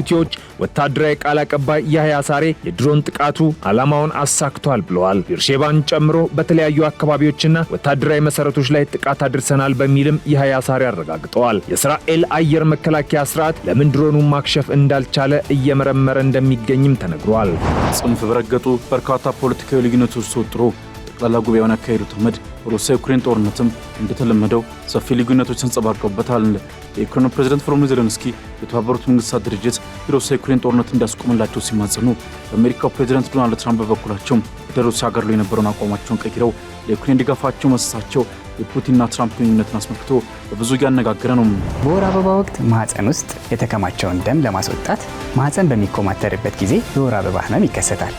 ሁቲዎች ወታደራዊ ቃል አቀባይ ያህያ ሳሬ የድሮን ጥቃቱ ዓላማውን አሳክቷል ብለዋል። ቢርሼባን ጨምሮ በተለያዩ አካባቢዎችና ወታደራዊ መሠረቶች ላይ ጥቃት አድርሰናል በሚልም ያህያ ሳሬ አረጋግጠዋል። የእስራኤል አየር መከላከያ ስርዓት ለምን ድሮኑን ማክሸፍ እንዳልቻለ እየመረመረ እንደሚገኝም ተነግሯል። ጽንፍ በረገጡ በርካታ ፖለቲካዊ ልዩነቶች ተወጥሮ ጠላ ጉባኤውን ያካሄዱት መድ ሩሲያ ዩክሬን ጦርነትም እንደተለመደው ሰፊ ልዩነቶች ተንጸባርቀውበታል። የዩክሬኑ ፕሬዚደንት ቮሎዲሚር ዜሌንስኪ የተባበሩት መንግስታት ድርጅት የሩሲያ ዩክሬን ጦርነት እንዲያስቆምላቸው ሲማጽኑ፣ የአሜሪካው ፕሬዚደንት ዶናልድ ትራምፕ በበኩላቸውም ወደ ሩሲያ ላይ የነበረውን አቋማቸውን ቀይረው ለዩክሬን ድጋፋቸው መሰሳቸው የፑቲንና ትራምፕ ግንኙነትን አስመልክቶ በብዙ እያነጋገረ ነው። በወር አበባ ወቅት ማህፀን ውስጥ የተከማቸውን ደም ለማስወጣት ማህፀን በሚኮማተርበት ጊዜ የወር አበባ ህመም ይከሰታል።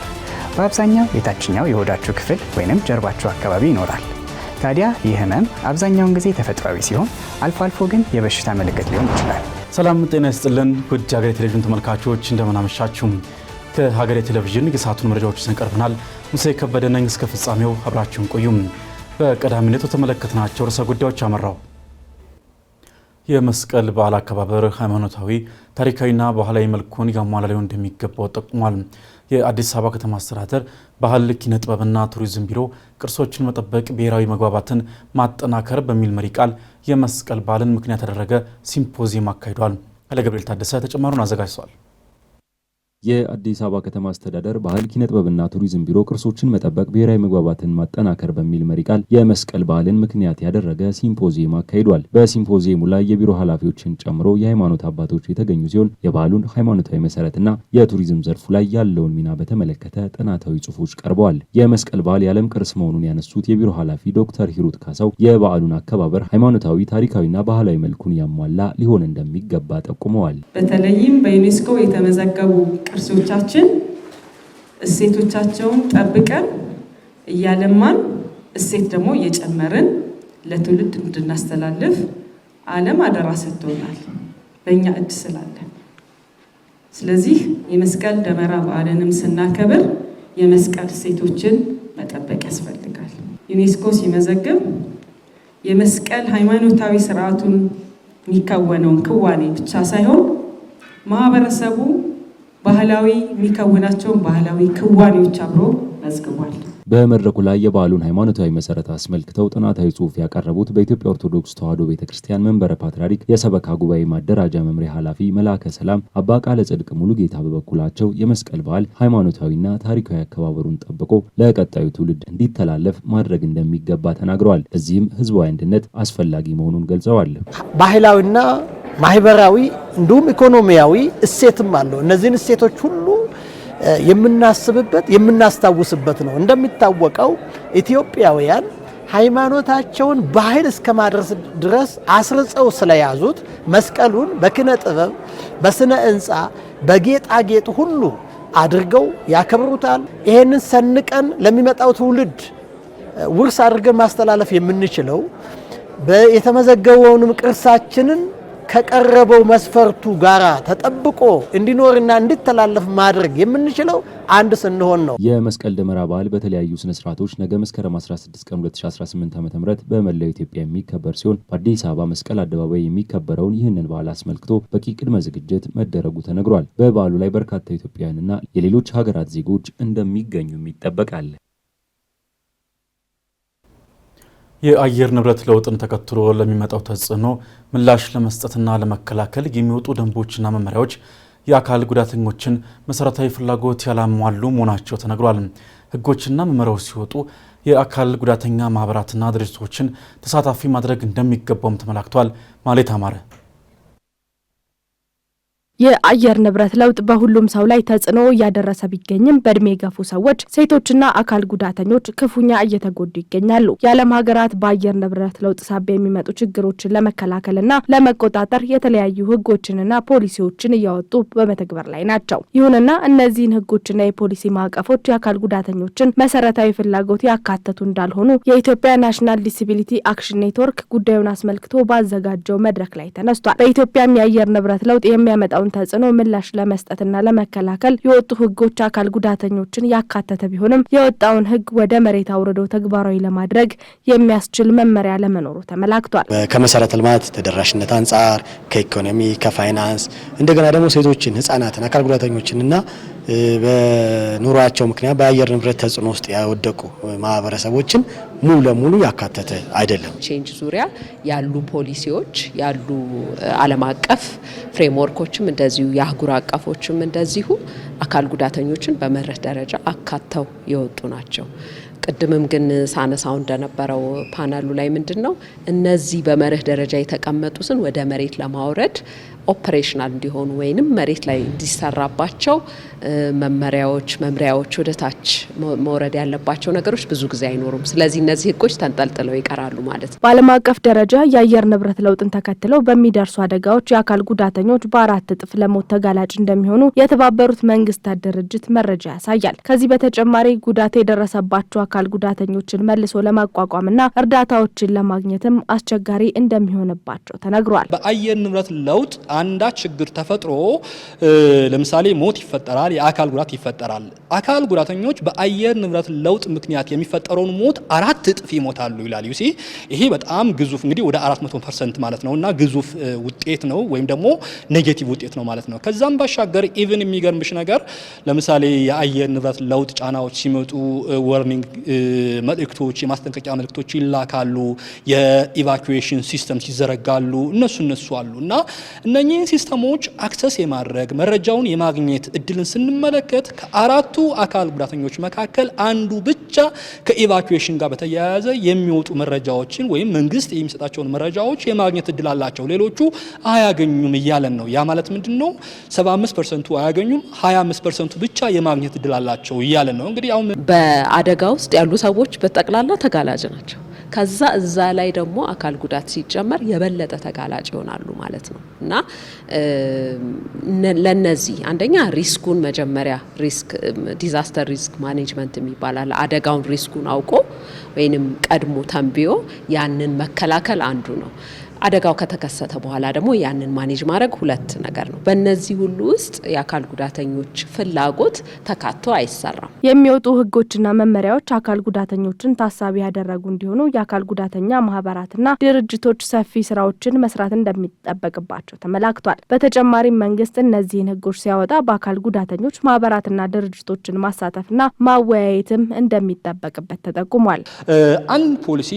በአብዛኛው የታችኛው የሆዳችሁ ክፍል ወይንም ጀርባችሁ አካባቢ ይኖራል። ታዲያ ይህ ህመም አብዛኛውን ጊዜ ተፈጥሯዊ ሲሆን አልፎ አልፎ ግን የበሽታ ምልክት ሊሆን ይችላል። ሰላም ጤና ይስጥልን ውድ ሀገሬ ቴሌቪዥን ተመልካቾች እንደምናመሻችሁም ከሀገሬ ቴሌቪዥን የሰዓቱን መረጃዎች ይዘን ቀርበናል። ሙሴ ከበደ ነኝ። እስከ ፍጻሜው አብራችሁን ቆዩም። በቀዳሚነት የተመለከትናቸው ርዕሰ ጉዳዮች አመራው የመስቀል በዓል አከባበር ሃይማኖታዊ፣ ታሪካዊና ባህላዊ መልኩን ያሟላ ሊሆን እንደሚገባው ጠቁሟል። የአዲስ አበባ ከተማ አስተዳደር ባህል ኪነ ጥበብና ቱሪዝም ቢሮ ቅርሶችን መጠበቅ ብሔራዊ መግባባትን ማጠናከር በሚል መሪ ቃል የመስቀል በዓልን ምክንያት ያደረገ ሲምፖዚየም አካሂዷል። ኃይለ ገብርኤል ታደሰ ተጨማሪውን አዘጋጅቷል። የአዲስ አበባ ከተማ አስተዳደር ባህል ኪነ ጥበብና ቱሪዝም ቢሮ ቅርሶችን መጠበቅ ብሔራዊ መግባባትን ማጠናከር በሚል መሪ ቃል የመስቀል በዓልን ምክንያት ያደረገ ሲምፖዚየም አካሂዷል። በሲምፖዚየሙ ላይ የቢሮ ኃላፊዎችን ጨምሮ የሃይማኖት አባቶች የተገኙ ሲሆን የባህሉን ሃይማኖታዊ መሰረትና የቱሪዝም ዘርፉ ላይ ያለውን ሚና በተመለከተ ጥናታዊ ጽሑፎች ቀርበዋል። የመስቀል በዓል የዓለም ቅርስ መሆኑን ያነሱት የቢሮ ኃላፊ ዶክተር ሂሩት ካሳው የበዓሉን አከባበር ሃይማኖታዊ፣ ታሪካዊና ባህላዊ መልኩን ያሟላ ሊሆን እንደሚገባ ጠቁመዋል። በተለይም በዩኔስኮ የተመዘገቡ ቅርሶቻችን እሴቶቻቸውን ጠብቀን እያለማን እሴት ደግሞ እየጨመርን ለትውልድ እንድናስተላልፍ ዓለም አደራ ሰጥቶናል። በእኛ እጅ ስላለ ስለዚህ የመስቀል ደመራ በዓልንም ስናከብር የመስቀል እሴቶችን መጠበቅ ያስፈልጋል። ዩኔስኮ ሲመዘግብ የመስቀል ሃይማኖታዊ ስርዓቱን የሚከወነውን ክዋኔ ብቻ ሳይሆን ማህበረሰቡ ባህላዊ የሚከውናቸውን ባህላዊ ክዋኔዎች አብሮ መዝግቧል። በመድረኩ ላይ የበዓሉን ሃይማኖታዊ መሰረት አስመልክተው ጥናታዊ ጽሑፍ ያቀረቡት በኢትዮጵያ ኦርቶዶክስ ተዋሕዶ ቤተ ክርስቲያን መንበረ ፓትርያርክ የሰበካ ጉባኤ ማደራጃ መምሪያ ኃላፊ መልአከ ሰላም አባ ቃለ ጽድቅ ሙሉ ጌታ በበኩላቸው የመስቀል በዓል ሃይማኖታዊና ታሪካዊ አከባበሩን ጠብቆ ለቀጣዩ ትውልድ እንዲተላለፍ ማድረግ እንደሚገባ ተናግረዋል። እዚህም ህዝባዊ አንድነት አስፈላጊ መሆኑን ገልጸዋል። ባህላዊና ማህበራዊ እንዲሁም ኢኮኖሚያዊ እሴትም አለው። እነዚህን እሴቶች ሁሉ የምናስብበት የምናስታውስበት ነው። እንደሚታወቀው ኢትዮጵያውያን ሃይማኖታቸውን ባህል እስከ ማድረስ ድረስ አስርጸው ስለያዙት መስቀሉን በኪነ ጥበብ፣ በስነ ህንፃ በጌጣጌጥ ሁሉ አድርገው ያከብሩታል። ይሄንን ሰንቀን ለሚመጣው ትውልድ ውርስ አድርገን ማስተላለፍ የምንችለው የተመዘገበውንም ቅርሳችንን ከቀረበው መስፈርቱ ጋራ ተጠብቆ እንዲኖርና እንዲተላለፍ ማድረግ የምንችለው አንድ ስንሆን ነው። የመስቀል ደመራ በዓል በተለያዩ ስነ ስርዓቶች ነገ መስከረም 16 ቀን 2018 ዓ ም በመላው ኢትዮጵያ የሚከበር ሲሆን በአዲስ አበባ መስቀል አደባባይ የሚከበረውን ይህንን በዓል አስመልክቶ በቂ ቅድመ ዝግጅት መደረጉ ተነግሯል። በበዓሉ ላይ በርካታ ኢትዮጵያውያንና የሌሎች ሀገራት ዜጎች እንደሚገኙም ይጠበቃል። የአየር ንብረት ለውጥን ተከትሎ ለሚመጣው ተጽዕኖ ምላሽ ለመስጠትና ለመከላከል የሚወጡ ደንቦችና መመሪያዎች የአካል ጉዳተኞችን መሰረታዊ ፍላጎት ያላሟሉ መሆናቸው ተነግሯል። ህጎችና መመሪያዎች ሲወጡ የአካል ጉዳተኛ ማህበራትና ድርጅቶችን ተሳታፊ ማድረግ እንደሚገባውም ተመላክቷል። ማሌት አማረ የአየር ንብረት ለውጥ በሁሉም ሰው ላይ ተጽዕኖ እያደረሰ ቢገኝም በእድሜ የገፉ ሰዎች፣ ሴቶችና አካል ጉዳተኞች ክፉኛ እየተጎዱ ይገኛሉ። የዓለም ሀገራት በአየር ንብረት ለውጥ ሳቢያ የሚመጡ ችግሮችን ለመከላከልና ለመቆጣጠር የተለያዩ ህጎችንና ፖሊሲዎችን እያወጡ በመተግበር ላይ ናቸው። ይሁንና እነዚህን ህጎችና የፖሊሲ ማዕቀፎች የአካል ጉዳተኞችን መሰረታዊ ፍላጎት ያካተቱ እንዳልሆኑ የኢትዮጵያ ናሽናል ዲስቢሊቲ አክሽን ኔትወርክ ጉዳዩን አስመልክቶ ባዘጋጀው መድረክ ላይ ተነስቷል። በኢትዮጵያም የአየር ንብረት ለውጥ የሚያመጣውን ተጽዕኖ ምላሽ ለመስጠትና ለመከላከል የወጡ ህጎች አካል ጉዳተኞችን ያካተተ ቢሆንም የወጣውን ህግ ወደ መሬት አውርዶ ተግባራዊ ለማድረግ የሚያስችል መመሪያ ለመኖሩ ተመላክቷል። ከመሰረተ ልማት ተደራሽነት አንጻር፣ ከኢኮኖሚ፣ ከፋይናንስ እንደገና ደግሞ ሴቶችን፣ ህጻናትን፣ አካል ጉዳተኞችንና በኑሯቸው ምክንያት በአየር ንብረት ተጽዕኖ ውስጥ ያወደቁ ማህበረሰቦችን ሙሉ ለሙሉ ያካተተ አይደለም። ቼንጅ ዙሪያ ያሉ ፖሊሲዎች ያሉ ዓለም አቀፍ ፍሬምወርኮችም እንደዚሁ የአህጉር አቀፎችም እንደዚሁ አካል ጉዳተኞችን በመርህ ደረጃ አካተው የወጡ ናቸው። ቅድምም ግን ሳነሳው እንደነበረው ፓናሉ ላይ ምንድን ነው እነዚህ በመርህ ደረጃ የተቀመጡትን ወደ መሬት ለማውረድ ኦፕሬሽናል እንዲሆኑ ወይንም መሬት ላይ እንዲሰራባቸው መመሪያዎች፣ መምሪያዎች ወደ ታች መውረድ ያለባቸው ነገሮች ብዙ ጊዜ አይኖሩም። ስለዚህ እነዚህ ህጎች ተንጠልጥለው ይቀራሉ ማለት ነው። በዓለም አቀፍ ደረጃ የአየር ንብረት ለውጥን ተከትለው በሚደርሱ አደጋዎች የአካል ጉዳተኞች በአራት እጥፍ ለሞት ተጋላጭ እንደሚሆኑ የተባበሩት መንግስታት ድርጅት መረጃ ያሳያል። ከዚህ በተጨማሪ ጉዳት የደረሰባቸው አካል ጉዳተኞችን መልሶ ለማቋቋምና እርዳታዎችን ለማግኘትም አስቸጋሪ እንደሚሆንባቸው ተነግሯል። በአየር ንብረት ለውጥ አንዳች ችግር ተፈጥሮ ለምሳሌ ሞት ይፈጠራል፣ የአካል ጉዳት ይፈጠራል። አካል ጉዳተኞች በአየር ንብረት ለውጥ ምክንያት የሚፈጠረውን ሞት አራት እጥፍ ይሞታሉ ይላል ዩሲ። ይሄ በጣም ግዙፍ እንግዲህ ወደ 400 ፐርሰንት ማለት ነው እና ግዙፍ ውጤት ነው ወይም ደግሞ ኔጌቲቭ ውጤት ነው ማለት ነው። ከዛም ባሻገር ኢቭን የሚገርምሽ ነገር ለምሳሌ የአየር ንብረት ለውጥ ጫናዎች ሲመጡ ወርኒንግ መልእክቶች፣ የማስጠንቀቂያ መልእክቶች ይላካሉ፣ የኢቫኩዌሽን ሲስተምስ ይዘረጋሉ። እነሱ እነሱ አሉ እና እነ እነኚህ ሲስተሞች አክሰስ የማድረግ መረጃውን የማግኘት እድልን ስንመለከት ከአራቱ አካል ጉዳተኞች መካከል አንዱ ብቻ ከኢቫኩዌሽን ጋር በተያያዘ የሚወጡ መረጃዎችን ወይም መንግስት የሚሰጣቸውን መረጃዎች የማግኘት እድል አላቸው። ሌሎቹ አያገኙም እያለን ነው። ያ ማለት ምንድን ነው? 75 ፐርሰንቱ አያገኙም፣ 25 ፐርሰንቱ ብቻ የማግኘት እድል አላቸው እያለን ነው። እንግዲህ አሁን በአደጋ ውስጥ ያሉ ሰዎች በጠቅላላ ተጋላጭ ናቸው። ከዛ እዛ ላይ ደግሞ አካል ጉዳት ሲጨመር የበለጠ ተጋላጭ ይሆናሉ ማለት ነው እና ለነዚህ አንደኛ ሪስኩን መጀመሪያ ሪስክ ዲዛስተር ሪስክ ማኔጅመንት የሚባላል አደጋውን ሪስኩን አውቆ ወይንም ቀድሞ ተንብዮ ያንን መከላከል አንዱ ነው። አደጋው ከተከሰተ በኋላ ደግሞ ያንን ማኔጅ ማድረግ ሁለት ነገር ነው። በእነዚህ ሁሉ ውስጥ የአካል ጉዳተኞች ፍላጎት ተካቶ አይሰራም። የሚወጡ ህጎችና መመሪያዎች አካል ጉዳተኞችን ታሳቢ ያደረጉ እንዲሆኑ የአካል ጉዳተኛ ማህበራትና ድርጅቶች ሰፊ ስራዎችን መስራት እንደሚጠበቅባቸው ተመላክቷል። በተጨማሪም መንግስት እነዚህን ህጎች ሲያወጣ በአካል ጉዳተኞች ማህበራትና ድርጅቶችን ማሳተፍና ማወያየትም እንደሚጠበቅበት ተጠቁሟል። አንድ ፖሊሲ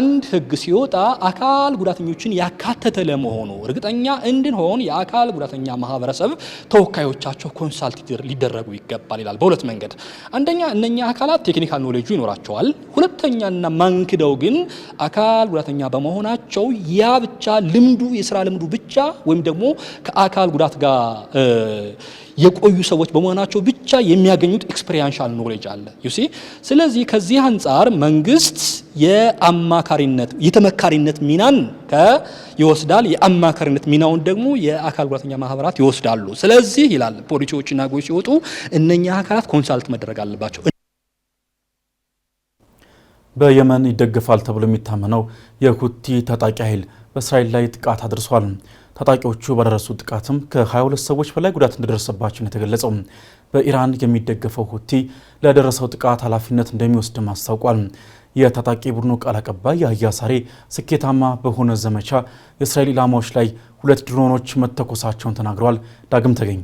አንድ ህግ ሲወጣ አካል ጉዳተኞችን ጉዳተኞችን ያካተተ ለመሆኑ እርግጠኛ እንድንሆን የአካል ጉዳተኛ ማህበረሰብ ተወካዮቻቸው ኮንሳልት ሊደረጉ ይገባል ይላል። በሁለት መንገድ፣ አንደኛ እነኛ አካላት ቴክኒካል ኖሌጁ ይኖራቸዋል። ሁለተኛና ማንክደው ግን አካል ጉዳተኛ በመሆናቸው ያ ብቻ ልምዱ የስራ ልምዱ ብቻ ወይም ደግሞ ከአካል ጉዳት ጋር የቆዩ ሰዎች በመሆናቸው ብቻ የሚያገኙት ኤክስፔሪንሻል ኖሌጅ አለ ሲ። ስለዚህ ከዚህ አንጻር መንግስት የአማካሪነት የተመካሪነት ሚናን ይወስዳል። የአማካሪነት ሚናውን ደግሞ የአካል ጉዳተኛ ማህበራት ይወስዳሉ። ስለዚህ ይላል ፖሊሲዎችና ጎይ ሲወጡ እነኛ አካላት ኮንሳልት መደረግ አለባቸው። በየመን ይደገፋል ተብሎ የሚታመነው የሁቲ ታጣቂ ኃይል በእስራኤል ላይ ጥቃት አድርሷል። ታጣቂዎቹ በደረሱት ጥቃትም ከ22 ሰዎች በላይ ጉዳት እንደደረሰባቸው ነው የተገለጸው። በኢራን የሚደገፈው ሁቲ ለደረሰው ጥቃት ኃላፊነት እንደሚወስድም አስታውቋል። የታጣቂ ቡድኑ ቃል አቀባይ ያህያ ሳሬ ስኬታማ በሆነ ዘመቻ የእስራኤል ኢላማዎች ላይ ሁለት ድሮኖች መተኮሳቸውን ተናግረዋል። ዳግም ተገኝ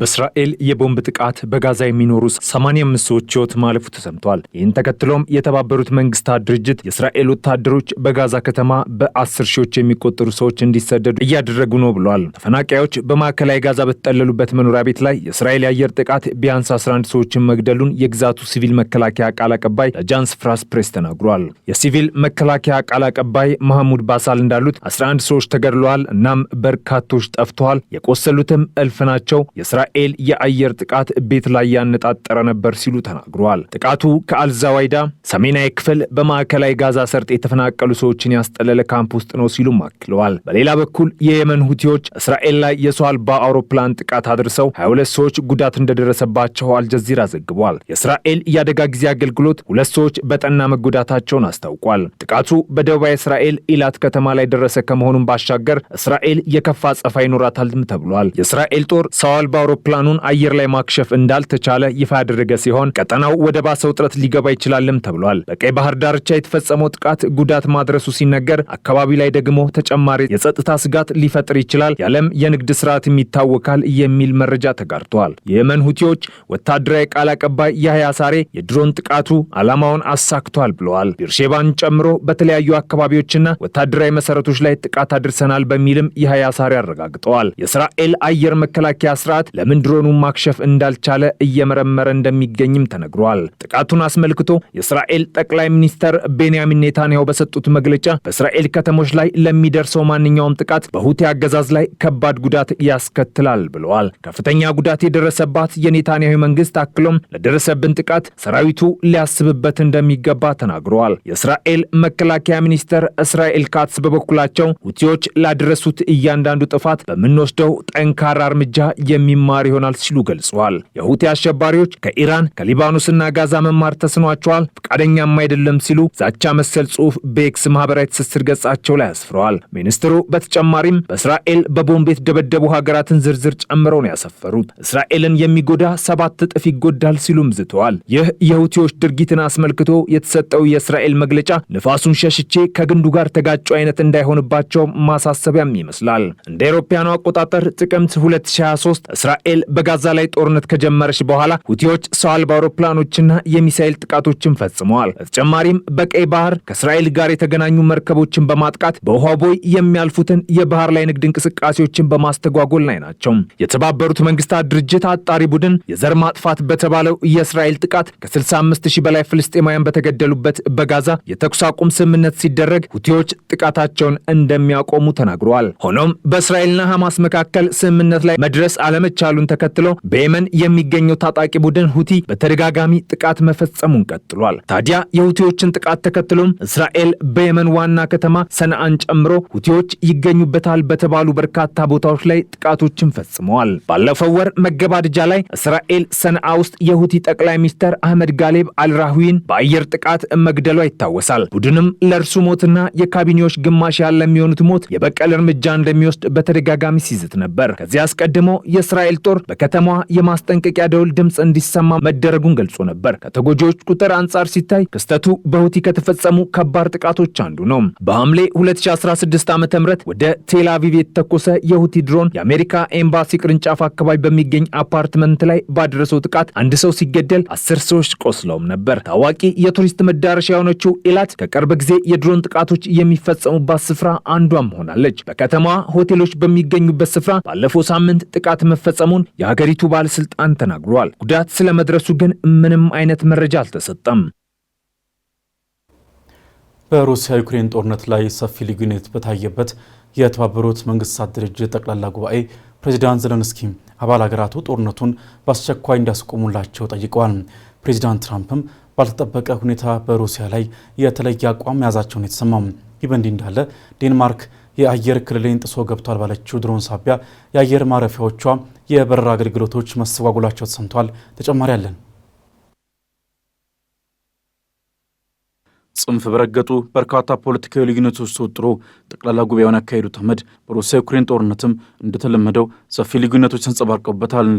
በእስራኤል የቦምብ ጥቃት በጋዛ የሚኖሩ 85 ሰዎች ህይወት ማለፉ ተሰምቷል። ይህን ተከትሎም የተባበሩት መንግስታት ድርጅት የእስራኤል ወታደሮች በጋዛ ከተማ በአስር ሺዎች የሚቆጠሩ ሰዎች እንዲሰደዱ እያደረጉ ነው ብሏል። ተፈናቃዮች በማዕከላዊ ጋዛ በተጠለሉበት መኖሪያ ቤት ላይ የእስራኤል የአየር ጥቃት ቢያንስ 11 ሰዎችን መግደሉን የግዛቱ ሲቪል መከላከያ ቃል አቀባይ ለጃንስ ፍራስ ፕሬስ ተናግሯል። የሲቪል መከላከያ ቃል አቀባይ መሐሙድ ባሳል እንዳሉት 11 ሰዎች ተገድለዋል፣ እናም በርካቶች ጠፍተዋል፣ የቆሰሉትም እልፍ ናቸው። የእስራኤል የአየር ጥቃት ቤት ላይ ያነጣጠረ ነበር ሲሉ ተናግረዋል። ጥቃቱ ከአልዛዋይዳ ሰሜናዊ ክፍል በማዕከላዊ ጋዛ ሰርጥ የተፈናቀሉ ሰዎችን ያስጠለለ ካምፕ ውስጥ ነው ሲሉም አክለዋል። በሌላ በኩል የየመን ሁቲዎች እስራኤል ላይ የሰው አልባ አውሮፕላን ጥቃት አድርሰው 22 ሰዎች ጉዳት እንደደረሰባቸው አልጀዚራ ዘግቧል። የእስራኤል የአደጋ ጊዜ አገልግሎት ሁለት ሰዎች በጠና መጎዳታቸውን አስታውቋል። ጥቃቱ በደቡባዊ እስራኤል ኢላት ከተማ ላይ ደረሰ ከመሆኑም ባሻገር እስራኤል የከፋ ጸፋ ይኖራታልም ተብሏል። የእስራኤል ጦር ሰው አልባ አውሮፕላኑን አየር ላይ ማክሸፍ እንዳልተቻለ ይፋ ያደረገ ሲሆን ቀጠናው ወደ ባሰ ውጥረት ሊገባ ይችላልም ተብሏል። በቀይ ባህር ዳርቻ የተፈጸመው ጥቃት ጉዳት ማድረሱ ሲነገር፣ አካባቢ ላይ ደግሞ ተጨማሪ የጸጥታ ስጋት ሊፈጥር ይችላል፣ የዓለም የንግድ ስርዓትም ይታወካል የሚል መረጃ ተጋርቷል። የየመን ሁቲዎች ወታደራዊ ቃል አቀባይ ያህያ ሳሬ የድሮን ጥቃቱ ዓላማውን አሳክቷል ብለዋል። ቢርሼባን ጨምሮ በተለያዩ አካባቢዎችና ወታደራዊ መሰረቶች ላይ ጥቃት አድርሰናል በሚልም ያህያ ሳሬ አረጋግጠዋል። የእስራኤል አየር መከላከያ ስርዓት ለምን ድሮኑን ማክሸፍ እንዳልቻለ እየመረመረ እንደሚገኝም ተነግሯል። ጥቃቱን አስመልክቶ የእስራኤል ጠቅላይ ሚኒስተር ቤንያሚን ኔታንያሁ በሰጡት መግለጫ በእስራኤል ከተሞች ላይ ለሚደርሰው ማንኛውም ጥቃት በሁቲ አገዛዝ ላይ ከባድ ጉዳት ያስከትላል ብለዋል። ከፍተኛ ጉዳት የደረሰባት የኔታንያሁ መንግስት አክሎም ለደረሰብን ጥቃት ሰራዊቱ ሊያስብበት እንደሚገባ ተናግረዋል። የእስራኤል መከላከያ ሚኒስተር እስራኤል ካትስ በበኩላቸው ሁቲዎች ላደረሱት እያንዳንዱ ጥፋት በምንወስደው ጠንካራ እርምጃ የሚመ መማር ይሆናል ሲሉ ገልጸዋል። የሁቲ አሸባሪዎች ከኢራን ከሊባኖስና ጋዛ መማር ተስኗቸዋል፣ ፈቃደኛም አይደለም ሲሉ ዛቻ መሰል ጽሑፍ በኤክስ ማህበራዊ ትስስር ገጻቸው ላይ አስፍረዋል። ሚኒስትሩ በተጨማሪም በእስራኤል በቦምብ የተደበደቡ ሀገራትን ዝርዝር ጨምረው ነው ያሰፈሩት። እስራኤልን የሚጎዳ ሰባት እጥፍ ይጎዳል ሲሉም ዝተዋል። ይህ የሁቲዎች ድርጊትን አስመልክቶ የተሰጠው የእስራኤል መግለጫ ንፋሱን ሸሽቼ ከግንዱ ጋር ተጋጩ አይነት እንዳይሆንባቸው ማሳሰቢያም ይመስላል። እንደ አውሮፓውያኑ አቆጣጠር ጥቅምት 2023 እስራኤል በጋዛ ላይ ጦርነት ከጀመረች በኋላ ሁቲዎች ሰው አልባ አውሮፕላኖችና የሚሳኤል ጥቃቶችን ፈጽመዋል። በተጨማሪም በቀይ ባህር ከእስራኤል ጋር የተገናኙ መርከቦችን በማጥቃት በውሃ ቦይ የሚያልፉትን የባህር ላይ ንግድ እንቅስቃሴዎችን በማስተጓጎል ላይ ናቸው። የተባበሩት መንግስታት ድርጅት አጣሪ ቡድን የዘር ማጥፋት በተባለው የእስራኤል ጥቃት ከ65 ሺህ በላይ ፍልስጤማውያን በተገደሉበት በጋዛ የተኩስ አቁም ስምምነት ሲደረግ ሁቲዎች ጥቃታቸውን እንደሚያቆሙ ተናግረዋል። ሆኖም በእስራኤልና ሐማስ መካከል ስምምነት ላይ መድረስ አለመቻል መቻሉን ተከትሎ በየመን የሚገኘው ታጣቂ ቡድን ሁቲ በተደጋጋሚ ጥቃት መፈጸሙን ቀጥሏል። ታዲያ የሁቲዎችን ጥቃት ተከትሎም እስራኤል በየመን ዋና ከተማ ሰንዓን ጨምሮ ሁቲዎች ይገኙበታል በተባሉ በርካታ ቦታዎች ላይ ጥቃቶችን ፈጽመዋል። ባለፈው ወር መገባደጃ ላይ እስራኤል ሰንዓ ውስጥ የሁቲ ጠቅላይ ሚኒስትር አህመድ ጋሌብ አልራህዊን በአየር ጥቃት መግደሏ ይታወሳል። ቡድንም ለእርሱ ሞትና የካቢኔዎች ግማሽ ያለ የሚሆኑት ሞት የበቀል እርምጃ እንደሚወስድ በተደጋጋሚ ሲዝት ነበር። ከዚህ አስቀድሞ የእስራኤል የእስራኤል ጦር በከተማዋ የማስጠንቀቂያ ደውል ድምፅ እንዲሰማ መደረጉን ገልጾ ነበር። ከተጎጂዎች ቁጥር አንጻር ሲታይ ክስተቱ በሁቲ ከተፈጸሙ ከባድ ጥቃቶች አንዱ ነው። በሐምሌ 2016 ዓ ም ወደ ቴል አቪቭ የተተኮሰ የሁቲ ድሮን የአሜሪካ ኤምባሲ ቅርንጫፍ አካባቢ በሚገኝ አፓርትመንት ላይ ባደረሰው ጥቃት አንድ ሰው ሲገደል አስር ሰዎች ቆስለውም ነበር። ታዋቂ የቱሪስት መዳረሻ የሆነችው ኢላት ከቅርብ ጊዜ የድሮን ጥቃቶች የሚፈጸሙባት ስፍራ አንዷም ሆናለች። በከተማዋ ሆቴሎች በሚገኙበት ስፍራ ባለፈው ሳምንት ጥቃት መፈጸሙ መፈጸሙን የሀገሪቱ ባለስልጣን ተናግሯል። ጉዳት ስለመድረሱ ግን ምንም አይነት መረጃ አልተሰጠም። በሩሲያ ዩክሬን ጦርነት ላይ ሰፊ ልዩነት በታየበት የተባበሩት መንግስታት ድርጅት ጠቅላላ ጉባኤ ፕሬዚዳንት ዘለንስኪ አባል ሀገራቱ ጦርነቱን በአስቸኳይ እንዲያስቆሙላቸው ጠይቀዋል። ፕሬዚዳንት ትራምፕም ባልተጠበቀ ሁኔታ በሩሲያ ላይ የተለየ አቋም መያዛቸውን የተሰማው። ይህ በእንዲህ እንዳለ ዴንማርክ የአየር ክልሌን ጥሶ ገብቷል ባለችው ድሮን ሳቢያ የአየር ማረፊያዎቿ የበረራ አገልግሎቶች መስተጓጎላቸው ተሰምቷል። ተጨማሪ አለን። ጽንፍ በረገጡ በርካታ ፖለቲካዊ ልዩነቶች ተወጥሮ ጠቅላላ ጉባኤውን ያካሄዱት አህመድ በሩሲያ ዩክሬን ጦርነትም እንደተለመደው ሰፊ ልዩነቶች ተንጸባርቀውበታል።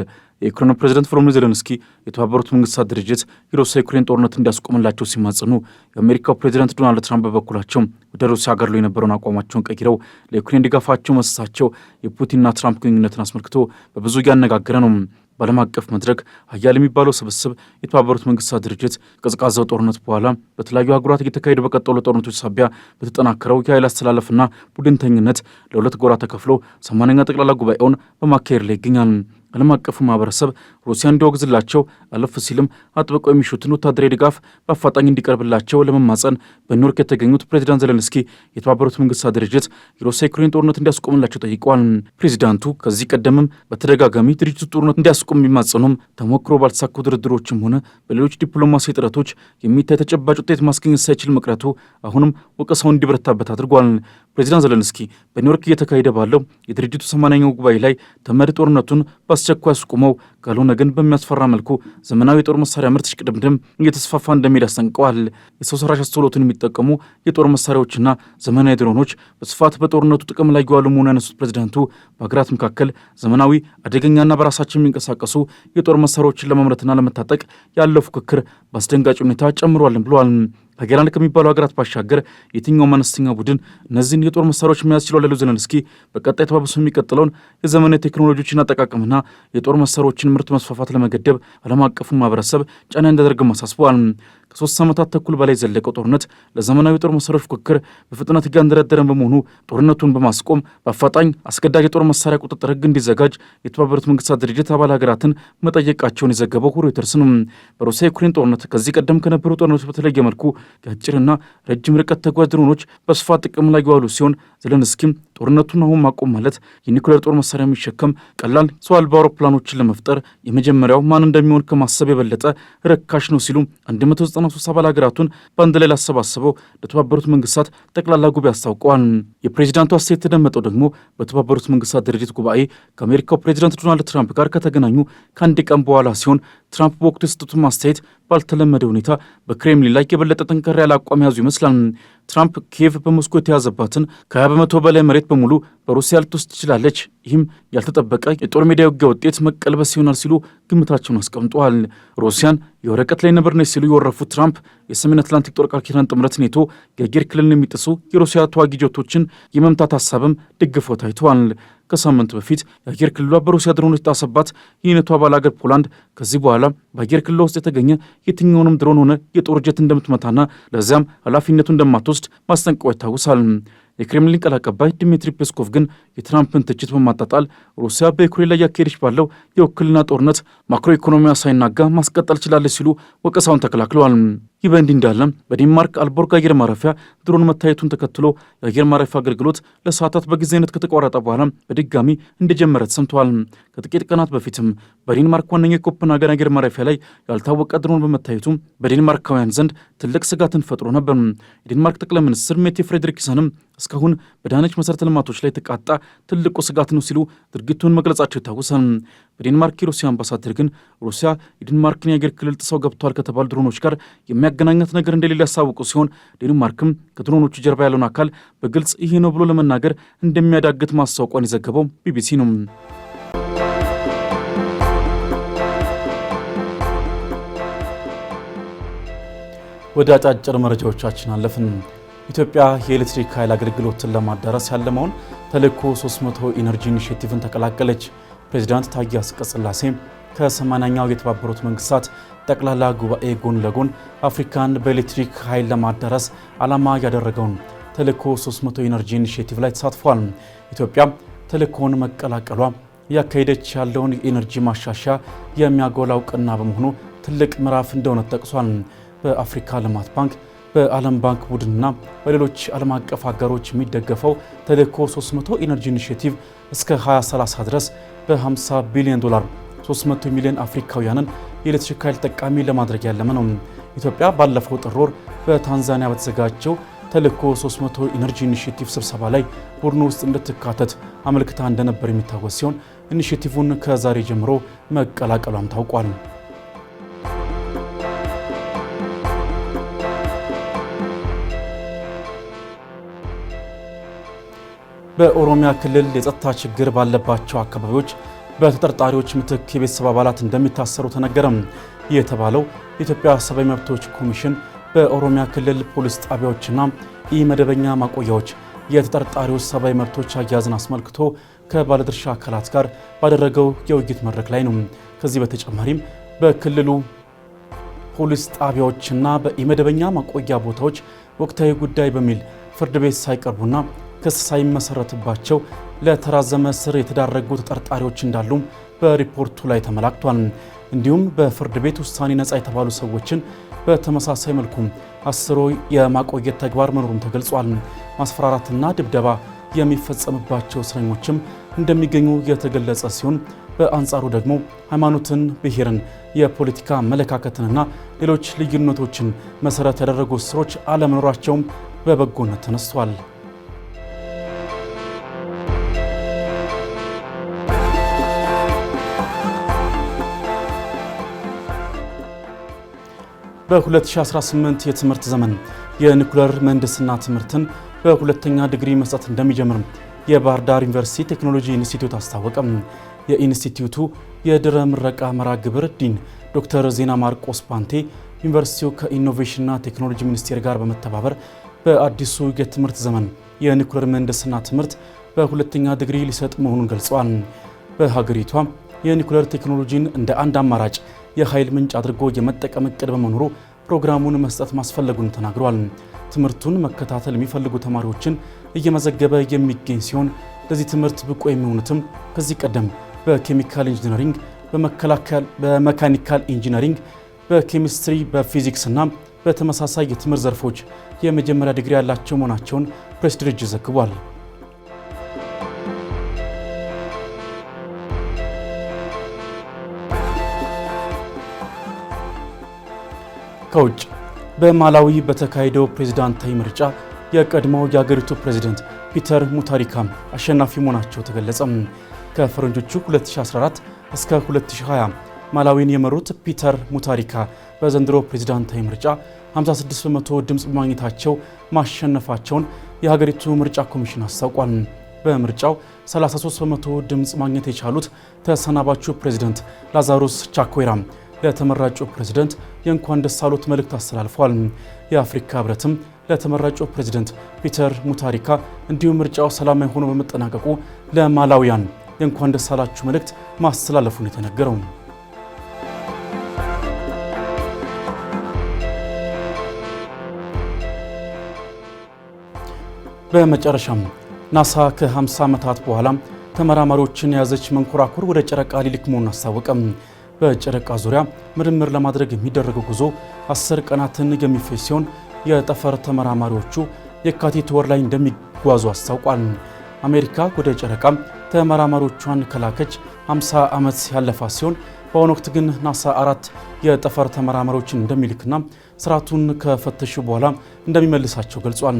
የዩክሬኑ ፕሬዚደንት ቮሎዲሚር ዜለንስኪ የተባበሩት መንግስታት ድርጅት የሩሲያ ዩክሬን ጦርነት እንዲያስቆምላቸው ሲማጽኑ፣ የአሜሪካው ፕሬዚደንት ዶናልድ ትራምፕ በበኩላቸው ወደ ሩሲያ ሀገር ላይ የነበረውን አቋማቸውን ቀይረው ለዩክሬን ድጋፋቸው መስሳቸው የፑቲንና ትራምፕ ግንኙነትን አስመልክቶ በብዙ እያነጋገረ ነው። በዓለም አቀፍ መድረክ ሀያል የሚባለው ስብስብ የተባበሩት መንግስታት ድርጅት ቀዝቃዛው ጦርነት በኋላ በተለያዩ አህጉራት እየተካሄዱ በቀጠሉ ጦርነቶች ሳቢያ በተጠናከረው የኃይል አስተላለፍና ቡድንተኝነት ለሁለት ጎራ ተከፍሎ ሰማንያኛ ጠቅላላ ጉባኤውን በማካሄድ ላይ ይገኛል። ዓለም አቀፉ ማህበረሰብ ሩሲያ እንዲወግዝላቸው አለፍ ሲልም አጥብቀው የሚሹትን ወታደራዊ ድጋፍ በአፋጣኝ እንዲቀርብላቸው ለመማጸን በኒውዮርክ የተገኙት ፕሬዚዳንት ዘለንስኪ የተባበሩት መንግስታት ድርጅት የሩሲያ ዩክሬን ጦርነት እንዲያስቆምላቸው ጠይቀዋል። ፕሬዚዳንቱ ከዚህ ቀደምም በተደጋጋሚ ድርጅቱ ጦርነት እንዲያስቆም ቢማጸኑም ተሞክሮ ባልተሳኩ ድርድሮችም ሆነ በሌሎች ዲፕሎማሲ ጥረቶች የሚታይ ተጨባጭ ውጤት ማስገኘት ሳይችል መቅረቱ አሁንም ወቀሳው እንዲበረታበት አድርጓል። ፕሬዚዳንት ዘለንስኪ በኒውዮርክ እየተካሄደ ባለው የድርጅቱ ሰማንያኛው ጉባኤ ላይ ተመድ ጦርነቱን በአስቸኳይ አስቁመው ካልሆነ ግን በሚያስፈራ መልኩ ዘመናዊ የጦር መሳሪያ ምርት ሽቅድምድም እየተስፋፋ እንደሚሄድ አስጠንቅቀዋል። የሰው ሰራሽ አስተውሎትን የሚጠቀሙ የጦር መሳሪያዎችና ዘመናዊ ድሮኖች በስፋት በጦርነቱ ጥቅም ላይ የዋሉ መሆኑን ያነሱት ፕሬዚዳንቱ በሀገራት መካከል ዘመናዊ አደገኛና በራሳቸው የሚንቀሳቀሱ የጦር መሳሪያዎችን ለማምረትና ለመታጠቅ ያለው ፉክክር በአስደንጋጭ ሁኔታ ጨምሯልን ብለዋል። ከጌላንድ ከሚባሉ ሀገራት ባሻገር የትኛውም አነስተኛ ቡድን እነዚህን የጦር መሳሪያዎች መያዝ ችሏል ያሉ ዘለንስኪ በቀጣይ ተባብሶ የሚቀጥለውን የዘመናዊ ቴክኖሎጂዎችን አጠቃቀምና የጦር መሳሪያዎችን ምርት መስፋፋት ለመገደብ ዓለም አቀፉ ማህበረሰብ ጫና እንዲያደርግም አሳስበዋል። ከሶስት ዓመታት ተኩል በላይ ዘለቀው ጦርነት ለዘመናዊ ጦር መሳሪያዎች ፉክክር በፍጥነት እያንደረደረን በመሆኑ ጦርነቱን በማስቆም በአፋጣኝ አስገዳጅ የጦር መሳሪያ ቁጥጥር ህግ እንዲዘጋጅ የተባበሩት መንግስታት ድርጅት አባል ሀገራትን መጠየቃቸውን የዘገበው ሮይተርስ ነው። በሩሲያ ዩክሬን ጦርነት ከዚህ ቀደም ከነበሩ ጦርነቶች በተለየ መልኩ አጭርና ረጅም ርቀት ተጓዥ ድሮኖች በስፋት ጥቅም ላይ የዋሉ ሲሆን ዘለንስኪም ጦርነቱን አሁን ማቆም ማለት የኒኩሌር ጦር መሳሪያ የሚሸከም ቀላል ሰው አልባ አውሮፕላኖችን ለመፍጠር የመጀመሪያው ማን እንደሚሆን ከማሰብ የበለጠ ርካሽ ነው ሲሉ 1 የአናሱ አባል ሀገራቱን በአንድ ላይ ላሰባሰበው ለተባበሩት መንግስታት ጠቅላላ ጉባኤ አስታውቀዋል። የፕሬዚዳንቱ አስተያየት የተደመጠው ደግሞ በተባበሩት መንግስታት ድርጅት ጉባኤ ከአሜሪካው ፕሬዚዳንት ዶናልድ ትራምፕ ጋር ከተገናኙ ከአንድ ቀን በኋላ ሲሆን ትራምፕ በወቅቱ የሰጡትን ማስተያየት ባልተለመደ ሁኔታ በክሬምሊን ላይ የበለጠ ጠንከር ያለ አቋም ያዙ ይመስላል። ትራምፕ ኪየቭ በሞስኮ የተያዘባትን ከ20 በመቶ በላይ መሬት በሙሉ በሩሲያ ልትወስድ ትችላለች፣ ይህም ያልተጠበቀ የጦር ሜዳ ውጊያ ውጤት መቀልበስ ይሆናል ሲሉ ግምታቸውን አስቀምጠዋል። ሩሲያን የወረቀት ላይ ነበር ነች ሲሉ የወረፉት ትራምፕ የሰሜን አትላንቲክ ጦር ቃል ኪዳን ጥምረት ኔቶ የአየር ክልልን የሚጥሱ የሩሲያ ተዋጊ ጀቶችን የመምታት ሀሳብም ደግፎ ታይተዋል። ከሳምንት በፊት የአየር ክልሏ በሩሲያ ድሮን የተጣሰባት የአይነቱ አባል አገር ፖላንድ ከዚህ በኋላ በአየር ክልሏ ውስጥ የተገኘ የትኛውንም ድሮን ሆነ የጦር ጀት እንደምትመታና ለዚያም ኃላፊነቱ እንደማትወስድ ማስጠንቀቋ ይታወሳል። የክሬምሊን ቃል አቀባይ ድሚትሪ ፔስኮቭ ግን የትራምፕን ትችት በማጣጣል ሩሲያ በዩክሬን ላይ ያካሄደች ባለው የውክልና ጦርነት ማክሮ ኢኮኖሚያ ሳይናጋ ማስቀጠል ችላለች ሲሉ ወቀሳውን ተከላክለዋል። ይህ በእንዲህ እንዳለ በዴንማርክ አልቦርግ አየር ማረፊያ ድሮን መታየቱን ተከትሎ የአየር ማረፊያ አገልግሎት ለሰዓታት በጊዜነት ከተቋረጠ በኋላ በድጋሚ እንደጀመረ ተሰምተዋል። ከጥቂት ቀናት በፊትም በዴንማርክ ዋነኛ የኮፐንሃገን አየር ማረፊያ ላይ ያልታወቀ ድሮን በመታየቱ በዴንማርካውያን ዘንድ ትልቅ ስጋትን ፈጥሮ ነበር። የዴንማርክ ጠቅላይ ሚኒስትር ሜቴ ፍሬድሪክሰንም እስካሁን በዳነች መሠረተ ልማቶች ላይ የተቃጣ ትልቁ ስጋት ነው ሲሉ ድርጊቱን መግለጻቸው ይታወሳል። በዴንማርክ የሩሲያ አምባሳደር ግን ሩሲያ የዴንማርክን የአገር ክልል ጥሰው ገብተዋል ከተባሉ ድሮኖች ጋር የሚያገናኛት ነገር እንደሌለ ያሳውቁ ሲሆን ዴንማርክም ከድሮኖቹ ጀርባ ያለውን አካል በግልጽ ይሄ ነው ብሎ ለመናገር እንደሚያዳግት ማስታወቋን የዘገበው ቢቢሲ ነው። ወደ አጫጭር መረጃዎቻችን አለፍን። ኢትዮጵያ የኤሌክትሪክ ኃይል አገልግሎትን ለማዳረስ ያለመውን ተልእኮ 300 ኢነርጂ ኢኒሼቲቭን ተቀላቀለች። ፕሬዚዳንት ታዬ አጽቀሥላሴ ከሰማንያኛው የተባበሩት መንግስታት ጠቅላላ ጉባኤ ጎን ለጎን አፍሪካን በኤሌክትሪክ ኃይል ለማዳረስ ዓላማ ያደረገውን ተልእኮ 300 ኢነርጂ ኢኒሼቲቭ ላይ ተሳትፏል። ኢትዮጵያ ተልእኮውን መቀላቀሏ እያካሄደች ያለውን የኢነርጂ ማሻሻያ የሚያጎላ እውቅና በመሆኑ ትልቅ ምዕራፍ እንደሆነ ተጠቅሷል። በአፍሪካ ልማት ባንክ በዓለም ባንክ ቡድንና በሌሎች ዓለም አቀፍ አጋሮች የሚደገፈው ተልዕኮ 300 ኢነርጂ ኢኒሽቲቭ እስከ 2030 ድረስ በ50 ቢሊዮን ዶላር 300 ሚሊዮን አፍሪካውያንን የኤሌክትሪክ ኃይል ለማድረግ ያለመ ነው። ኢትዮጵያ ባለፈው ጥር ወር በታንዛኒያ በተዘጋጀው ተልዕኮ 300 ኢነርጂ ኢኒሽቲቭ ስብሰባ ላይ ቡድኑ ውስጥ እንድትካተት አመልክታ እንደነበር የሚታወስ ሲሆን ኢኒሽቲቭን ከዛሬ ጀምሮ መቀላቀሏም ታውቋል። በኦሮሚያ ክልል የጸጥታ ችግር ባለባቸው አካባቢዎች በተጠርጣሪዎች ምትክ የቤተሰብ አባላት እንደሚታሰሩ ተነገረም የተባለው የኢትዮጵያ ሰብአዊ መብቶች ኮሚሽን በኦሮሚያ ክልል ፖሊስ ጣቢያዎችና ኢመደበኛ ማቆያዎች የተጠርጣሪዎች ሰብአዊ መብቶች አያያዝን አስመልክቶ ከባለድርሻ አካላት ጋር ባደረገው የውይይት መድረክ ላይ ነው። ከዚህ በተጨማሪም በክልሉ ፖሊስ ጣቢያዎችና በኢመደበኛ ማቆያ ቦታዎች ወቅታዊ ጉዳይ በሚል ፍርድ ቤት ሳይቀርቡና ክስ ሳይመሰረትባቸው ለተራዘመ እስር የተዳረጉ ተጠርጣሪዎች እንዳሉም በሪፖርቱ ላይ ተመላክቷል። እንዲሁም በፍርድ ቤት ውሳኔ ነጻ የተባሉ ሰዎችን በተመሳሳይ መልኩ አስሮ የማቆየት ተግባር መኖሩም ተገልጿል። ማስፈራራትና ድብደባ የሚፈጸምባቸው እስረኞችም እንደሚገኙ የተገለጸ ሲሆን በአንጻሩ ደግሞ ሃይማኖትን፣ ብሔርን፣ የፖለቲካ አመለካከትንና ሌሎች ልዩነቶችን መሰረት ያደረጉ እስሮች አለመኖራቸውም በበጎነት ተነስቷል። በ2018 የትምህርት ዘመን የኒኩለር ምህንድስና ትምህርትን በሁለተኛ ዲግሪ መስጠት እንደሚጀምር የባህር ዳር ዩኒቨርሲቲ ቴክኖሎጂ ኢንስቲትዩት አስታወቀም። የኢንስቲትዩቱ የድረ ምረቃ መርሃ ግብር ዲን ዶክተር ዜና ማርቆስ ፓንቴ ዩኒቨርሲቲው ከኢኖቬሽንና ቴክኖሎጂ ሚኒስቴር ጋር በመተባበር በአዲሱ የትምህርት ዘመን የኒኩለር ምህንድስና ትምህርት በሁለተኛ ዲግሪ ሊሰጥ መሆኑን ገልጸዋል። በሀገሪቷ የኒኩለር ቴክኖሎጂን እንደ አንድ አማራጭ የኃይል ምንጭ አድርጎ የመጠቀም እቅድ በመኖሩ ፕሮግራሙን መስጠት ማስፈለጉን ተናግሯል። ትምህርቱን መከታተል የሚፈልጉ ተማሪዎችን እየመዘገበ የሚገኝ ሲሆን ለዚህ ትምህርት ብቁ የሚሆኑትም ከዚህ ቀደም በኬሚካል ኢንጂነሪንግ፣ በመካኒካል ኢንጂነሪንግ፣ በኬሚስትሪ፣ እና በተመሳሳይ የትምህርት ዘርፎች የመጀመሪያ ዲግሪ ያላቸው መሆናቸውን ፕሬስ ድርጅት ዘግቧል። ከውጭ በማላዊ በተካሄደው ፕሬዝዳንታዊ ምርጫ የቀድሞው የአገሪቱ ፕሬዝደንት ፒተር ሙታሪካም አሸናፊ መሆናቸው ተገለጸም። ከፈረንጆቹ 2014 እስከ 2020 ማላዊን የመሩት ፒተር ሙታሪካ በዘንድሮ ፕሬዝዳንታዊ ምርጫ 56 በመቶ ድምፅ በማግኘታቸው ማሸነፋቸውን የሀገሪቱ ምርጫ ኮሚሽን አስታውቋል። በምርጫው 33 በመቶ ድምፅ ማግኘት የቻሉት ተሰናባቹ ፕሬዝደንት ላዛሩስ ቻኮራም ለተመራጩ ፕሬዝደንት የእንኳን ደስ አሎት መልእክት አስተላልፏል። የአፍሪካ ህብረትም ለተመራጩ ፕሬዚደንት ፒተር ሙታሪካ እንዲሁም ምርጫው ሰላማዊ ሆኖ በመጠናቀቁ ለማላውያን የእንኳን ደስ አላችሁ መልእክት ማስተላለፉን የተነገረው በመጨረሻም ናሳ ከ50 ዓመታት በኋላ ተመራማሪዎችን የያዘች መንኮራኩር ወደ ጨረቃ ሊልክ መሆኑን አስታወቀም። በጨረቃ ዙሪያ ምርምር ለማድረግ የሚደረገው ጉዞ አስር ቀናትን የሚፈጅ ሲሆን የጠፈር ተመራማሪዎቹ የካቲት ወር ላይ እንደሚጓዙ አስታውቋል። አሜሪካ ወደ ጨረቃም ተመራማሪዎቿን ከላከች 50 ዓመት ያለፋ ሲሆን በአሁኑ ወቅት ግን ናሳ አራት የጠፈር ተመራማሪዎችን እንደሚልክና ስርዓቱን ከፈተሹ በኋላ እንደሚመልሳቸው ገልጿል።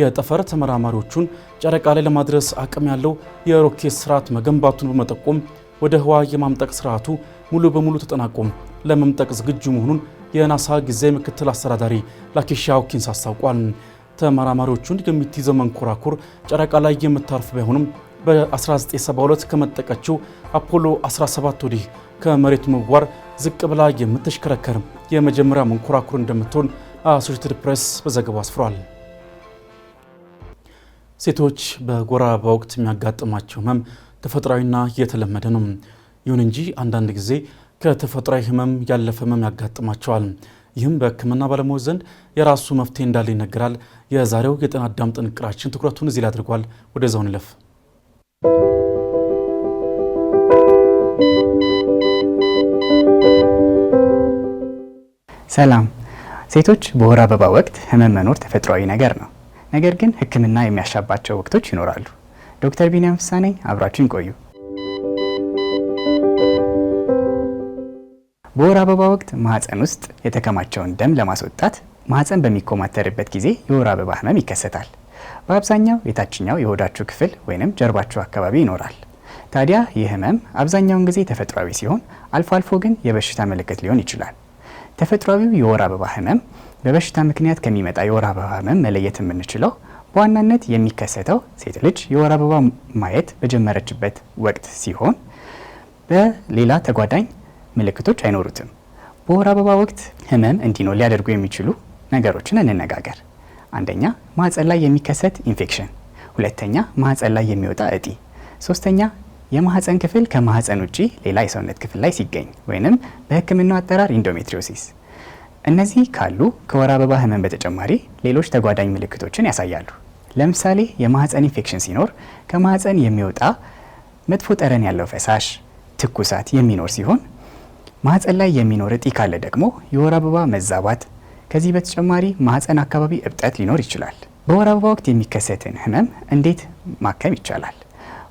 የጠፈር ተመራማሪዎቹን ጨረቃ ላይ ለማድረስ አቅም ያለው የሮኬት ስርዓት መገንባቱን በመጠቆም ወደ ህዋ የማምጠቅ ስርዓቱ ሙሉ በሙሉ ተጠናቆም ለመምጠቅ ዝግጁ መሆኑን የናሳ ጊዜ ምክትል አስተዳዳሪ ላኬሻ ሆኪንስ አስታውቋል። ተመራማሪዎቹ እንዲገሚት ይዘው መንኮራኩር ጨረቃ ላይ የምታርፍ ባይሆንም በ1972 ከመጠቀችው አፖሎ 17 ወዲህ ከመሬት መዋር ዝቅ ብላ የምትሽከረከር የመጀመሪያ መንኮራኩር እንደምትሆን አሶሽትድ ፕሬስ በዘገባ አስፍሯል። ሴቶች በወር አበባ ወቅት የሚያጋጥማቸው ህመም ተፈጥሯዊና የተለመደ ነው። ይሁን እንጂ አንዳንድ ጊዜ ከተፈጥሯዊ ህመም ያለፈ ህመም ያጋጥማቸዋል። ይህም በህክምና ባለሙያዎች ዘንድ የራሱ መፍትሄ እንዳለ ይነገራል። የዛሬው የጤና አዳም ጥንቅራችን ትኩረቱን እዚህ ላይ አድርጓል። ወደዛው እንለፍ። ሰላም። ሴቶች በወር አበባ ወቅት ህመም መኖር ተፈጥሯዊ ነገር ነው። ነገር ግን ህክምና የሚያሻባቸው ወቅቶች ይኖራሉ። ዶክተር ቢንያም ፍሳኔ አብራችን ቆዩ። በወር አበባ ወቅት ማህፀን ውስጥ የተከማቸውን ደም ለማስወጣት ማህፀን በሚኮማተርበት ጊዜ የወር አበባ ህመም ይከሰታል። በአብዛኛው የታችኛው የሆዳችሁ ክፍል ወይንም ጀርባችሁ አካባቢ ይኖራል። ታዲያ ይህ ህመም አብዛኛውን ጊዜ ተፈጥሯዊ ሲሆን አልፎ አልፎ ግን የበሽታ ምልክት ሊሆን ይችላል። ተፈጥሯዊው የወር አበባ ህመም በበሽታ ምክንያት ከሚመጣ የወር አበባ ህመም መለየት የምንችለው በዋናነት የሚከሰተው ሴት ልጅ የወር አበባ ማየት በጀመረችበት ወቅት ሲሆን በሌላ ተጓዳኝ ምልክቶች አይኖሩትም። በወር አበባ ወቅት ህመም እንዲኖር ሊያደርጉ የሚችሉ ነገሮችን እንነጋገር። አንደኛ ማህፀን ላይ የሚከሰት ኢንፌክሽን፣ ሁለተኛ ማህፀን ላይ የሚወጣ እጢ፣ ሶስተኛ የማህፀን ክፍል ከማህፀን ውጪ ሌላ የሰውነት ክፍል ላይ ሲገኝ ወይንም በህክምናው አጠራር ኢንዶሜትሪዮሲስ። እነዚህ ካሉ ከወር አበባ ህመም በተጨማሪ ሌሎች ተጓዳኝ ምልክቶችን ያሳያሉ። ለምሳሌ የማህፀን ኢንፌክሽን ሲኖር ከማህፀን የሚወጣ መጥፎ ጠረን ያለው ፈሳሽ፣ ትኩሳት የሚኖር ሲሆን ማህፀን ላይ የሚኖር እጢ ካለ ደግሞ የወር አበባ መዛባት፣ ከዚህ በተጨማሪ ማህፀን አካባቢ እብጠት ሊኖር ይችላል። በወር አበባ ወቅት የሚከሰትን ህመም እንዴት ማከም ይቻላል?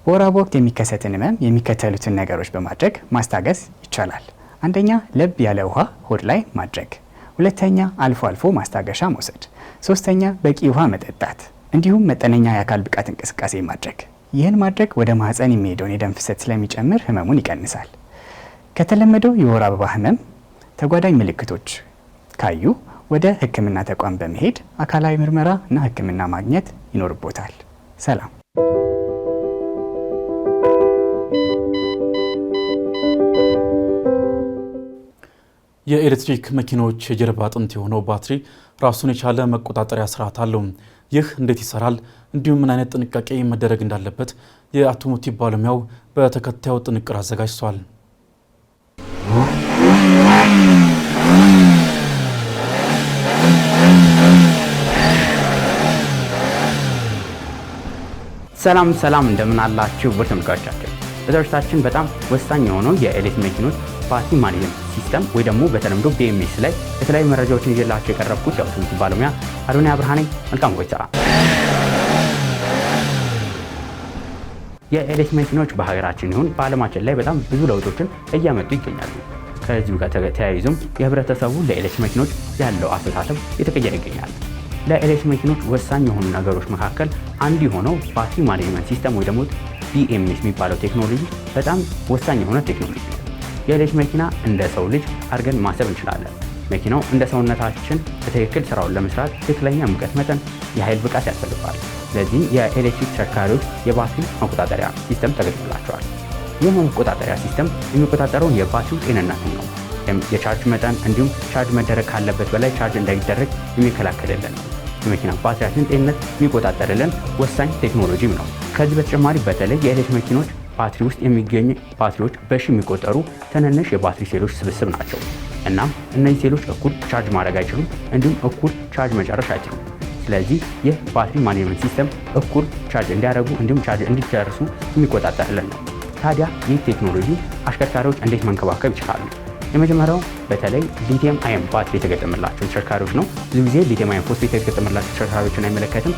በወር አበባ ወቅት የሚከሰትን ህመም የሚከተሉትን ነገሮች በማድረግ ማስታገስ ይቻላል። አንደኛ ለብ ያለ ውሃ ሆድ ላይ ማድረግ፣ ሁለተኛ አልፎ አልፎ ማስታገሻ መውሰድ፣ ሶስተኛ በቂ ውሃ መጠጣት፣ እንዲሁም መጠነኛ የአካል ብቃት እንቅስቃሴ ማድረግ። ይህን ማድረግ ወደ ማህፀን የሚሄደውን የደም ፍሰት ስለሚጨምር ህመሙን ይቀንሳል። ከተለመደው የወር አበባ ህመም ተጓዳኝ ምልክቶች ካዩ ወደ ህክምና ተቋም በመሄድ አካላዊ ምርመራ እና ህክምና ማግኘት ይኖርቦታል። ሰላም። የኤሌክትሪክ መኪናዎች የጀርባ አጥንት የሆነው ባትሪ ራሱን የቻለ መቆጣጠሪያ ስርዓት አለው። ይህ እንዴት ይሰራል? እንዲሁም ምን አይነት ጥንቃቄ መደረግ እንዳለበት የአውቶሞቲቭ ባለሙያው በተከታዩ ጥንቅር አዘጋጅቷል። ሰላም ሰላም እንደምን አላችሁ ውድ ተመልካቾቻችን። በትምህርታችን በጣም ወሳኝ የሆነው የኤሌት መኪኖች ፓርቲ ማኔጅመንት ሲስተም ወይ ደግሞ በተለምዶ ቢኤምኤስ ላይ የተለያዩ መረጃዎችን ይዤላችሁ የቀረብኩት የአውቶሞቲቭ ባለሙያ አዶንያ ብርሃኔ። መልካም ቆይታ የኤሌክትሪክ መኪናዎች በሀገራችን ይሁን በዓለማችን ላይ በጣም ብዙ ለውጦችን እያመጡ ይገኛሉ። ከዚሁ ጋር ተያይዞም የህብረተሰቡ ለኤሌክትሪክ መኪኖች ያለው አስተሳሰብ የተቀየረ ይገኛል። ለኤሌክትሪክ መኪኖች ወሳኝ የሆኑ ነገሮች መካከል አንዱ የሆነው ባትሪ ማኔጅመንት ሲስተም ወይ ደግሞ ቢኤምኤስ የሚባለው ቴክኖሎጂ በጣም ወሳኝ የሆነ ቴክኖሎጂ ነው። የኤሌክትሪክ መኪና እንደ ሰው ልጅ አድርገን ማሰብ እንችላለን። መኪናው እንደ ሰውነታችን በትክክል ስራውን ለመስራት ትክክለኛ ሙቀት መጠን፣ የኃይል ብቃት ያስፈልገዋል። ስለዚህ የኤሌክትሪክ ተሽከርካሪዎች የባትሪ መቆጣጠሪያ ሲስተም ተገጥሞላቸዋል። ይህ መቆጣጠሪያ ሲስተም የሚቆጣጠረውን የባትሪው ጤንነትን ነው። የቻርጅ መጠን እንዲሁም ቻርጅ መደረግ ካለበት በላይ ቻርጅ እንዳይደረግ የሚከላከልልን ነው። የመኪና ባትሪያችን ጤንነት የሚቆጣጠርልን ወሳኝ ቴክኖሎጂም ነው። ከዚህ በተጨማሪ በተለይ የኤሌክትሪክ መኪኖች ባትሪ ውስጥ የሚገኙ ባትሪዎች በሺ የሚቆጠሩ ትንንሽ የባትሪ ሴሎች ስብስብ ናቸው። እናም እነዚህ ሴሎች እኩል ቻርጅ ማድረግ አይችሉም፣ እንዲሁም እኩል ቻርጅ መጨረሻ አይችሉም። ስለዚህ ይህ ባትሪ ማኔጅመንት ሲስተም እኩል ቻርጅ እንዲያደርጉ እንዲሁም ቻርጅ እንዲጨርሱ የሚቆጣጠርልን ነው። ታዲያ ይህ ቴክኖሎጂ አሽከርካሪዎች እንዴት መንከባከብ ይችላሉ? የመጀመሪያው በተለይ ሊቲየም አየን ባትሪ የተገጠመላቸው ተሽከርካሪዎች ነው። ብዙ ጊዜ ሊቲየም አየን ፎስፌት የተገጠመላቸው ተሽከርካሪዎችን አይመለከትም።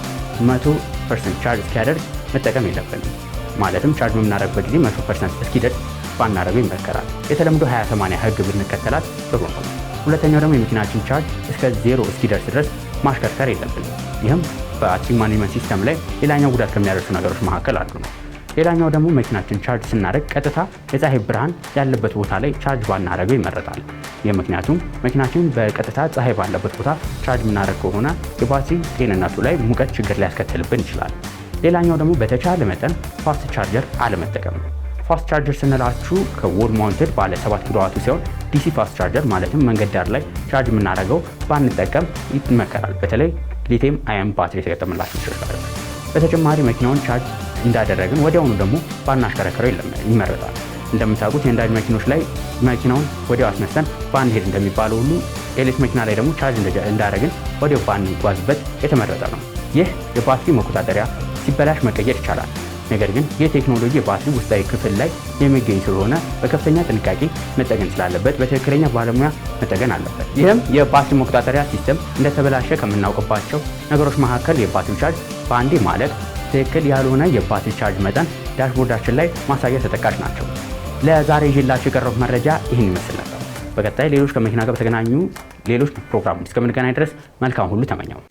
መቶ ፐርሰንት ቻርጅ እስኪያደርግ መጠቀም የለብንም። ማለትም ቻርጅ በምናደርግበት ጊዜ መቶ ፐርሰንት እስኪደርግ ባናደርገው ይመከራል። የተለምዶ 20/80 ህግ ብንከተላት ጥሩ ነው። ሁለተኛው ደግሞ የመኪናችን ቻርጅ እስከ ዜሮ እስኪደርስ ድረስ ማሽከርከር የለብንም። ይህም በአቲቭ ማኔጅመንት ሲስተም ላይ ሌላኛው ጉዳት ከሚያደርሱ ነገሮች መካከል አንዱ ነው። ሌላኛው ደግሞ መኪናችን ቻርጅ ስናደርግ ቀጥታ የፀሐይ ብርሃን ያለበት ቦታ ላይ ቻርጅ ባናደርገው ይመረጣል። ይህ ምክንያቱም መኪናችን በቀጥታ ፀሐይ ባለበት ቦታ ቻርጅ የምናደርግ ከሆነ የባትሪ ጤንነቱ ላይ ሙቀት ችግር ሊያስከትልብን ይችላል። ሌላኛው ደግሞ በተቻለ መጠን ፋስት ቻርጀር አለመጠቀም ነው። ፋስት ቻርጀር ስንላችሁ ከዎል ማውንትድ ባለ 7 ኪሎዋቱ ሲሆን ዲሲ ፋስት ቻርጀር ማለትም መንገድ ዳር ላይ ቻርጅ የምናደርገው ባንጠቀም ይመከራል። በተለይ ሊቴም አይም ባትሪ የተገጠመላቸው ይችላል። በተጨማሪ መኪናውን ቻርጅ እንዳደረግን ወዲያውኑ ደግሞ ባናሽከረከረው ይመረጣል። እንደምታውቁት የነዳጅ መኪኖች ላይ መኪናውን ወዲያው አስነስተን ባንሄድ እንደሚባለው ሁሉ ኤሌክትሪክ መኪና ላይ ደግሞ ቻርጅ እንዳደረግን ወዲያው ባንጓዝበት የተመረጠ ነው። ይህ የባትሪ መቆጣጠሪያ ሲበላሽ መቀየር ይቻላል። ነገር ግን ይህ ቴክኖሎጂ በባትሪው ውስጣዊ ክፍል ላይ የሚገኝ ስለሆነ በከፍተኛ ጥንቃቄ መጠገን ስላለበት በትክክለኛ ባለሙያ መጠገን አለበት። ይህም የባትሪ መቆጣጠሪያ ሲስተም እንደተበላሸ ከምናውቅባቸው ነገሮች መካከል የባትሪ ቻርጅ በአንዴ ማለት ትክክል ያልሆነ የባትሪ ቻርጅ መጠን ዳሽቦርዳችን ላይ ማሳያ ተጠቃሽ ናቸው። ለዛሬ ይዤላችሁ የቀረቡት መረጃ ይህን ይመስል ነበር። በቀጣይ ሌሎች ከመኪና ጋር በተገናኙ ሌሎች ፕሮግራሞች እስከምንገናኝ ድረስ መልካም ሁሉ ተመኘው።